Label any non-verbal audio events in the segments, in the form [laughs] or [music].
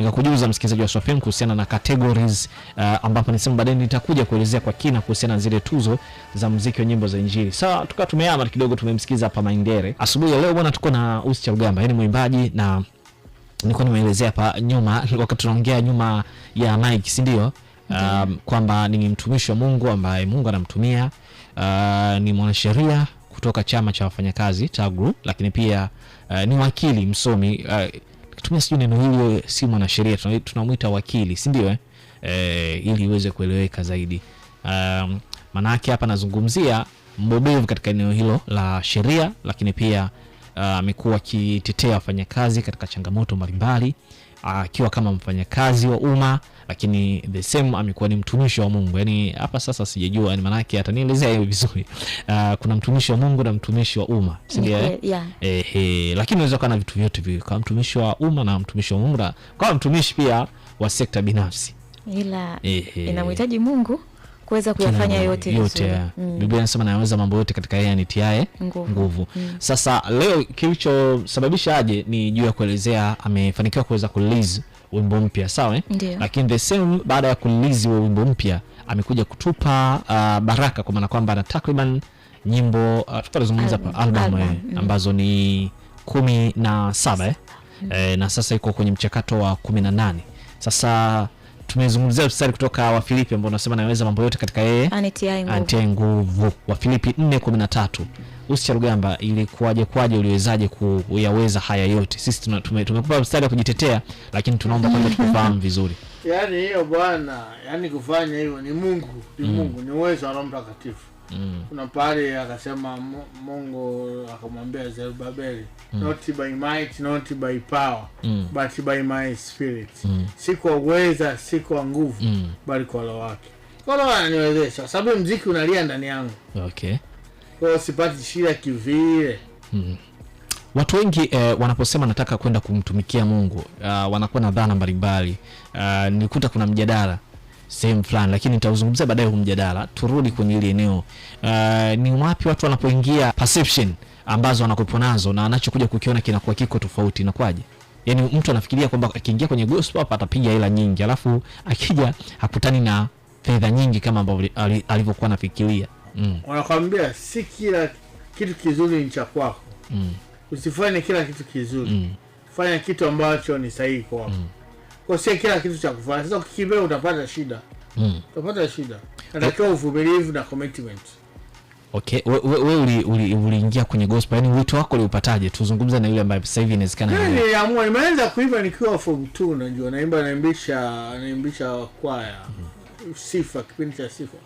nikakujuza msikilizaji wa Swafm kuhusiana na categories uh, ambapo nisema baadaye nitakuja kuelezea kwa kina kuhusiana na zile tuzo za muziki wa nyimbo za Injili. Sawa, tukawa tumeama kidogo, tumemsikiza hapa Maindere asubuhi ya leo bwana, tuko na Ussi Charugamba, yaani mwimbaji na nilikuwa nimeelezea hapa nyuma [laughs] wakati tunaongea nyuma ya mike, si ndio? Um, kwamba ni mtumishi wa Mungu ambaye Mungu anamtumia. Uh, ni mwanasheria kutoka chama cha wafanyakazi TAGRU, lakini pia uh, ni wakili msomi uh, kitumia sijui neno hilo, si mwanasheria, tunamwita wakili, si ndio? Eh? eh, ili iweze kueleweka zaidi. Um, maanake hapa nazungumzia mbobevu katika eneo hilo la sheria, lakini pia uh, amekuwa uh, akitetea wafanyakazi katika changamoto mbalimbali akiwa kama mfanyakazi wa umma lakini the same amekuwa ni mtumishi wa Mungu. Yani hapa sasa sijajua ni yaani maanake, atanielezea hiyo vizuri. Uh, kuna mtumishi wa Mungu na mtumishi wa umma sindio? yeah, yeah. Eh, eh, lakini unaweza kuwa na vitu vyote viwili kama mtumishi wa umma na mtumishi wa Mungu na kama mtumishi pia wa sekta binafsi, ila eh, inamhitaji Mungu kuweza kuyafanya yote, yote mm. Biblia inasema naweza mambo yote katika yeye anitiae nguvu, nguvu. Mm. Sasa leo kilichosababisha aje ni juu ya kuelezea amefanikiwa kuweza kuliz wimbo mpya sawa, eh? Lakini the same baada ya kulizi wa wimbo mpya amekuja kutupa uh, baraka kwa maana kwamba ana takriban nyimbo uh, tutazungumza hapa eh, album mm. ambazo ni kumi na saba eh? Mm. Eh, na sasa iko kwenye mchakato wa kumi na nane sasa tumezungumzia mstari kutoka Wafilipi ambao unasema naweza mambo yote katika yeye anitia nguvu, Wafilipi 4:13. kumi na ilikuwaje kwaje, uliwezaje kuyaweza haya yote? Sisi tumekupa tume mstari wa kujitetea, lakini tunaomba kwanza [laughs] tukufahamu vizuri. Yani hiyo bwana, yani kufanya hivyo ni Mungu, ni mm. Mungu, ni uwezo wa Roho Mtakatifu mm. kuna pale akasema Mungu akamwambia Zerubabeli mm. not by might not by power mm. but by my spirit mm. si kwa uweza si kwa nguvu mm. bali kwa roho wake kwa ananiwezesha sababu mziki unalia ndani yangu okay kwao sipati shida kivile mm watu wengi eh, wanaposema nataka kwenda kumtumikia mungu uh, wanakuwa na dhana mbalimbali uh, nikuta kuna mjadala sehemu fulani, lakini nitauzungumzia baadaye huu mjadala. Turudi kwenye ile eneo, uh, ni wapi watu wanapoingia perception ambazo wanakuwepo nazo na anachokuja kukiona kinakuwa kiko tofauti, inakuwaje? Yani mtu anafikiria kwamba akiingia kwenye gospel hapa atapiga hela nyingi, alafu akija hakutani na fedha nyingi kama ambavyo alivyokuwa anafikiria. Mm. Wanakwambia si kila kitu kizuri ni cha kwako. Mm. Usifanye kila kitu kizuri. Mm. Fanya kitu ambacho ni sahihi kwako. Mm kwa sio kila kitu cha kufanya. Sasa ukikimbia utapata shida mm. utapata shida, natakiwa uvumilivu na commitment. Okay, we, we, we uliingia uli, uli kwenye gospel, yani wito wako uliupataje? Tuzungumze na yule ambaye sasa hivi inawezekana Mimi yaani niliamua, nimeanza kuimba nikiwa form 2 unajua, naimba, naimbisha naimbisha kwaya mm -hmm. sifa, kipindi cha sifa,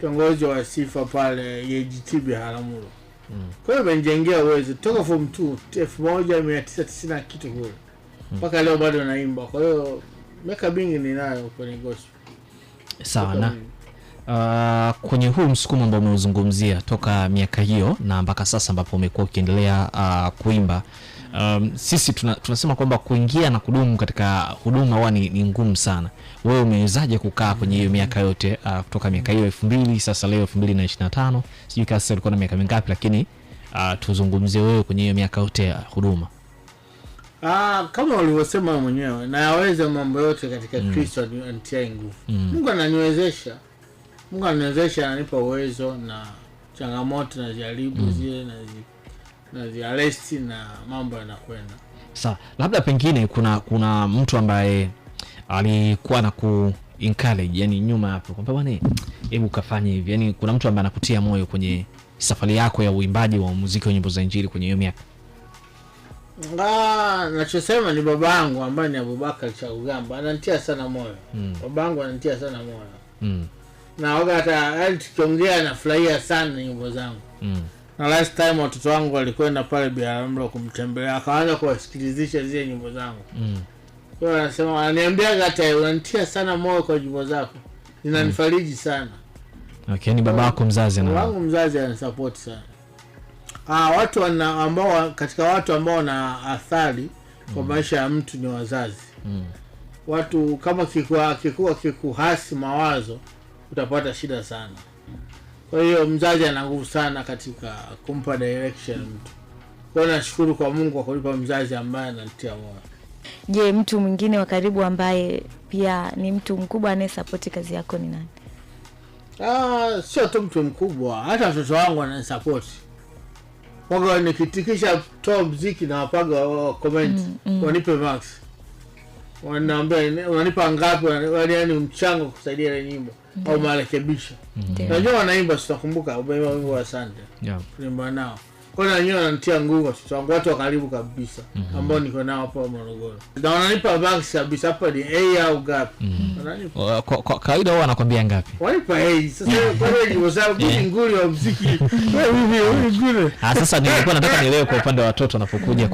kiongozi wa sifa pale YGT Biharamulo mm. kwa hiyo imenijengea uwezo toka form 2 1990 kitu kule mpaka leo bado naimba. Kwa hiyo miaka mingi ninayo kwenye gospel. Sawa na uh, kwenye huu msukumo ambao umeuzungumzia toka miaka hiyo na mpaka sasa ambapo umekuwa ukiendelea uh, kuimba um, sisi tuna, tunasema kwamba kuingia na kudumu katika huduma huwa ni, ni ngumu sana. Wewe umewezaje kukaa kwenye hiyo miaka yote uh, kutoka miaka hiyo elfu mbili sasa leo elfu mbili na ishirini na tano sijui kasa ulikuwa na miaka mingapi, lakini uh, tuzungumzie wewe kwenye hiyo miaka yote ya uh, huduma. Ah, kama walivyosema mwenyewe, nayaweza mambo yote katika mm. Kristo mm. anitiae nguvu mm. Mungu ananiwezesha, Mungu ananiwezesha, ananipa uwezo na changamoto na jaribu mm. zile naziaresti na, na mambo yanakwenda sawa. Labda pengine kuna kuna mtu ambaye alikuwa na ku encourage yani nyuma hapo kwamba bwana, hebu kafanye hivi, yani kuna mtu ambaye anakutia moyo kwenye safari yako ya uimbaji wa muziki wa nyimbo za Injili kwenye hiyo miaka nachosema ni baba yangu ambaye ni Abubakar Chakugamba anantia sana moyo mm. baba yangu anantia sana moyo mm. na waga hata yaani tukiongea nafurahia sana nyimbo zangu mm. na last time watoto wangu walikwenda pale Biharamulo kumtembelea, akaanza kuwasikilizisha zile nyimbo zangu mm. Kwa anasema ananiambiaga hata unantia sana moyo kwa nyimbo zako zinanifariji mm. sana. Okay, ni baba yako mzazi na wangu mzazi anasapoti sana ah, watu wana, ambao katika watu ambao wana athari kwa mm. maisha ya mtu ni wazazi mm. Watu kama kikuwa kikuhasi mawazo utapata shida sana. Kwa hiyo mzazi ana nguvu sana katika kumpa direction mtu. Kwa hiyo nashukuru kwa Mungu kwa kulipa mzazi ambaye anatia moyo. Je, mtu mwingine wa karibu ambaye pia ni mtu mkubwa anayesapoti kazi yako ni nani? Ah, sio tu mtu mkubwa, hata watoto wangu wananisapoti Mwanga nikitikisha toa mziki na wapaga wakoment uh, comment mm, mm. wanipe max, wanaambia unanipa ngapi, wale yani mchango kusaidia ile nyimbo mm. au marekebisho najua wanaimba, sitakumbuka umeimba wimbo wa sante yeah. nao Kona wenyewe wananitia nguvu watoto wangu, watu wakaribu kabisa mm -hmm. ambao niko nao hapa Morogoro, na wananipa vax kabisa. Hapa ni a au gapi? Mhm. kwa, kawaida wao wanakwambia ngapi? wanipa a. Sasa pale ni sababu [laughs] eh. mimi nguli wa mziki [laughs] ah, sasa nilikuwa nataka nielewe kwa upande wa watoto wanapokuja